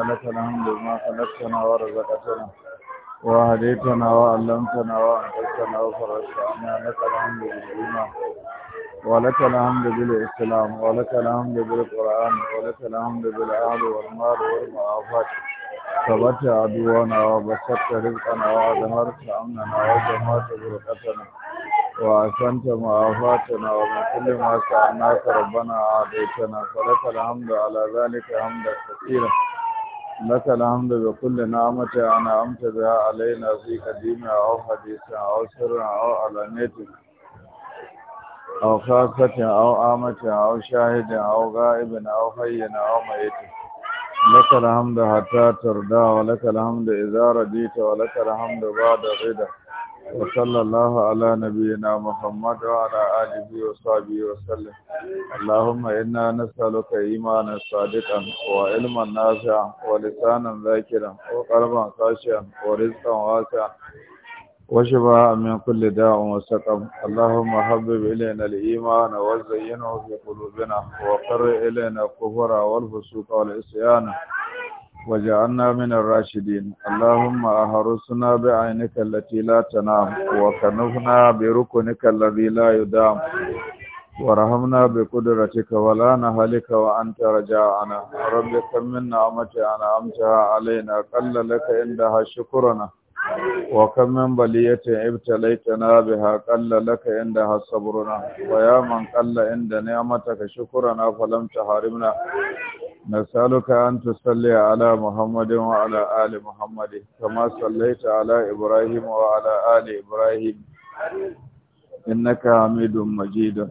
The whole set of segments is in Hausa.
لك الحمد ما خلقتنا ورزقتنا وهديتنا وعلمتنا وأنقذتنا وفرجت عنا لك الحمد بالإيمان ولك الحمد بالإسلام ولك الحمد بالقرآن ولك الحمد بالأهل والمال والمعافات ثبت عدونا وبسطت رزقنا وأظهرت أمننا وجمعت بركتنا وأحسنت معافاتنا ومن كل ما سألناك ربنا أعطيتنا فلك الحمد على ذلك حمدا كثيرا لك الحمد بكل نعمة أنا أمت بها علينا في قديم أو حديث أو سر أو علانية أو خاصة أو آمة أو شاهد أو غائب أو حي أو ميت لك الحمد حتى ترضى ولك الحمد إذا رديت ولك الحمد بعد رضا وصلى الله على نبينا محمد وعلى آله وصحبه وسلم اللهم إنا نسألك إيمانا صادقا وعلما نافعا ولسانا ذاكرا وقلبا خاشعا ورزقا واسعا وشفاء من كل داء وسقم اللهم حبب إلينا الإيمان وزينه في قلوبنا وقر إلينا الكفر والفسوق والعصيان وجعلنا من الراشدين اللهم أهرسنا بعينك التي لا تنام وكنفنا بركنك الذي لا يدام ورحمنا بقدرتك ولا نهلك وأنت رجاءنا رب كم من نعمة أنعمتها علينا قل لك عندها شكرنا وكم من بلية ابتليتنا بها قل لك عندها صبرنا ويا من قل عند نعمتك شكرنا فلم تحرمنا نسألك أن تصلي على محمد وعلى آل محمد كما صليت على إبراهيم وعلى آل إبراهيم إنك حميد مجيد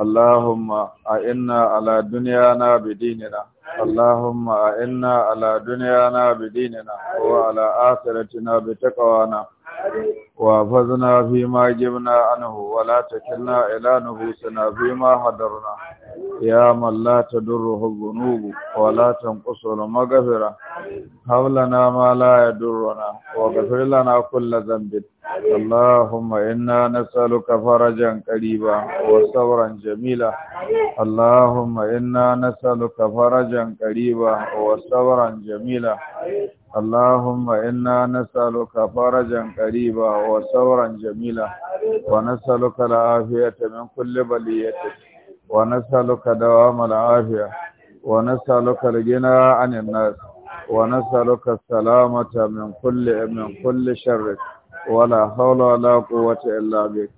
اللهم أئنا على دنيانا بديننا اللهم أئنا على دنيانا بديننا وعلى آخرتنا بتقوانا وافذنا فيما جبنا عنه ولا تكلنا إلى نفوسنا فيما حضرنا يا من لا تدره الذنوب ولا تنقصه المغفرة حولنا ما لا يدرنا واغفر لنا كل ذنب اللهم إنا نسألك فرجا قريبا وصبرا جميلا اللهم إنا نسألك فرجا قريبا وصبرا جميلا اللهم إنا نسألك فرجا قريبا وصبرا جميلا ونسألك العافية من كل بليتك ونسألك دوام العافية ونسألك الغنى عن الناس ونسألك السلامة من كل من كل شر ولا حول ولا قوة إلا بك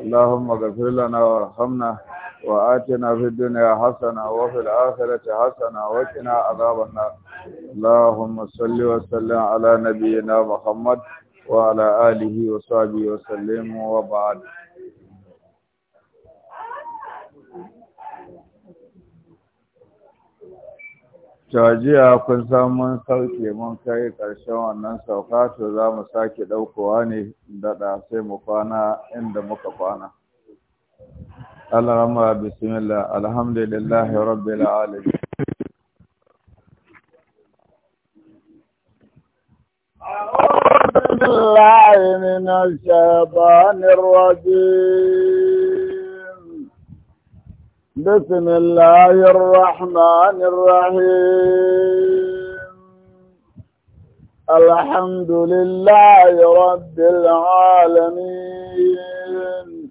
اللهم اغفر لنا وارحمنا وآتنا في الدنيا حسنة وفي الآخرة حسنة وقنا عذاب النار اللهم صل وسلم على نبينا محمد وعلى آله وصحبه وسلم وبعد jiya kun samu sauke mun kai ƙarshen wannan sauka to za mu sake ɗaukowa ne daɗa sai mu kwana inda muka kwana. Allahumma bismillah alhamdulillahi rabbil alamin. أعوذ بالله من الشيطان الرجيم بسم الله الرحمن الرحيم الحمد لله رب العالمين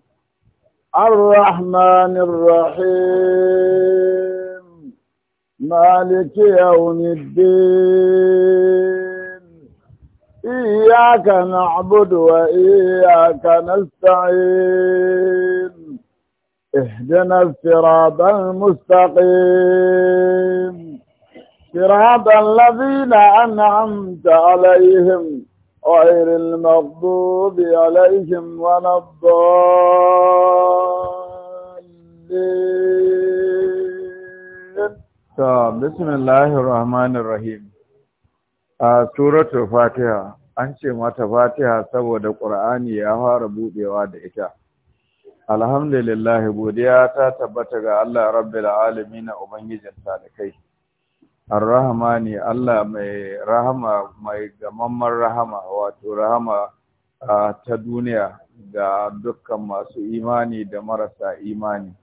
الرحمن الرحيم مالك يوم الدين إياك نعبد وإياك نستعين اهدنا الصراط المستقيم صراط الذين أنعمت عليهم غير المغضوب عليهم ولا الضالين بسم الله الرحمن الرحيم سورة الفاتحة an ce mata fatiha saboda ƙur'ani ya fara buɗewa Alhamdulillahi, godiya ta tabbata ga Allah rabbil alamin ubangijin talikai arrahmani Allah mai rahama mai gamamman rahama wato rahama ta duniya ga dukkan masu imani da marasa imani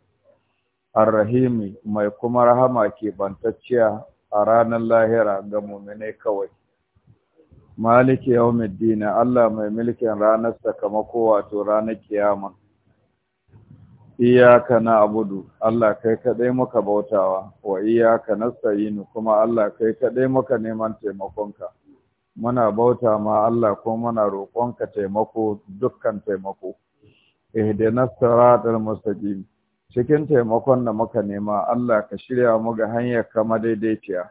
arrahimi mai kuma rahama ke bantacciya a ranar lahira ga muminai kawai maliki yau Allah mai mulkin ranar sakamako wato ranar kiyama iyaka na abudu Allah kai kaɗai muka bautawa wa iyaka na Sayinu kuma Allah kai kaɗai muka neman taimakonka muna bauta ma Allah ko muna roƙonka taimako dukkan taimako na siratal mustaqim cikin taimakon da muka nema Allah ka shirya mu ga hanyar kama daidaiciya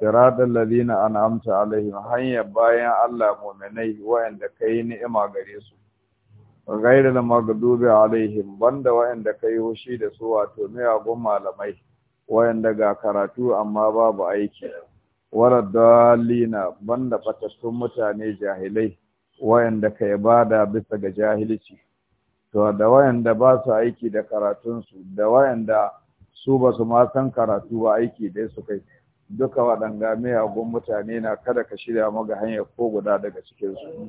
siratal ladina an'amta alaihim hanyar bayan Allah mu'minai wa'anda kai ni'ima gare su ghairil magdubi alaihim banda wa'anda kai hoshi da su wato miyagun malamai wa'anda ga karatu amma babu aiki waradallina banda fatattun mutane jahilai wa'anda ka ibada bisa ga jahilci to da wa'anda ba su aiki da karatunsu da wa'anda su ba su ma san karatu ba aiki dai su kai duka waɗanga miyagun mutane na kada ka shirya maga hanyar ko guda daga cikinsu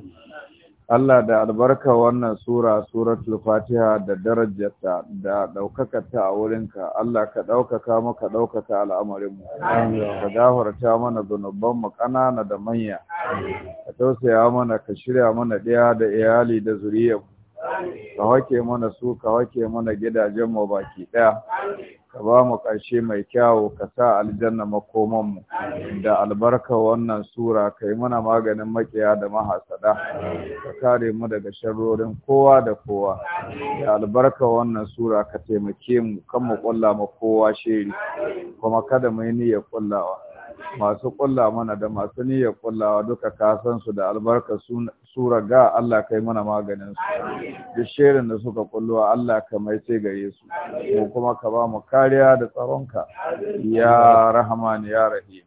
Allah da albarka wannan sura suratul fatiha da darajarta da ɗaukaka ta a wurinka Allah ka ɗaukaka maka ɗaukaka al'amarinmu ka gafarta mana zunubanmu ƙanana da manya ka tausaya mana ka shirya mana ɗaya da iyali da zuriyarmu ka wake mana su ka wake mana gidajenmu baki ɗaya ka ba mu ƙarshe mai kyawu ka sa aljanna makomanmu da albarka wannan sura ka yi mana maganin makiya da mahasada ka kare mu daga sharrorin kowa da kowa da albarka wannan sura ka taimake mu kan mu ƙulla ma kowa shiri kuma kada mu yi niyyar ƙullawa masu ƙulla mana da masu niyyar kullawa duka kasan su da albarka sura ga Allah kai mana maganin su duk shirin da suka kulluwa Allah ka mai ce gare su mu kuma ka ba mu kariya da tsaronka ya rahman ya rahim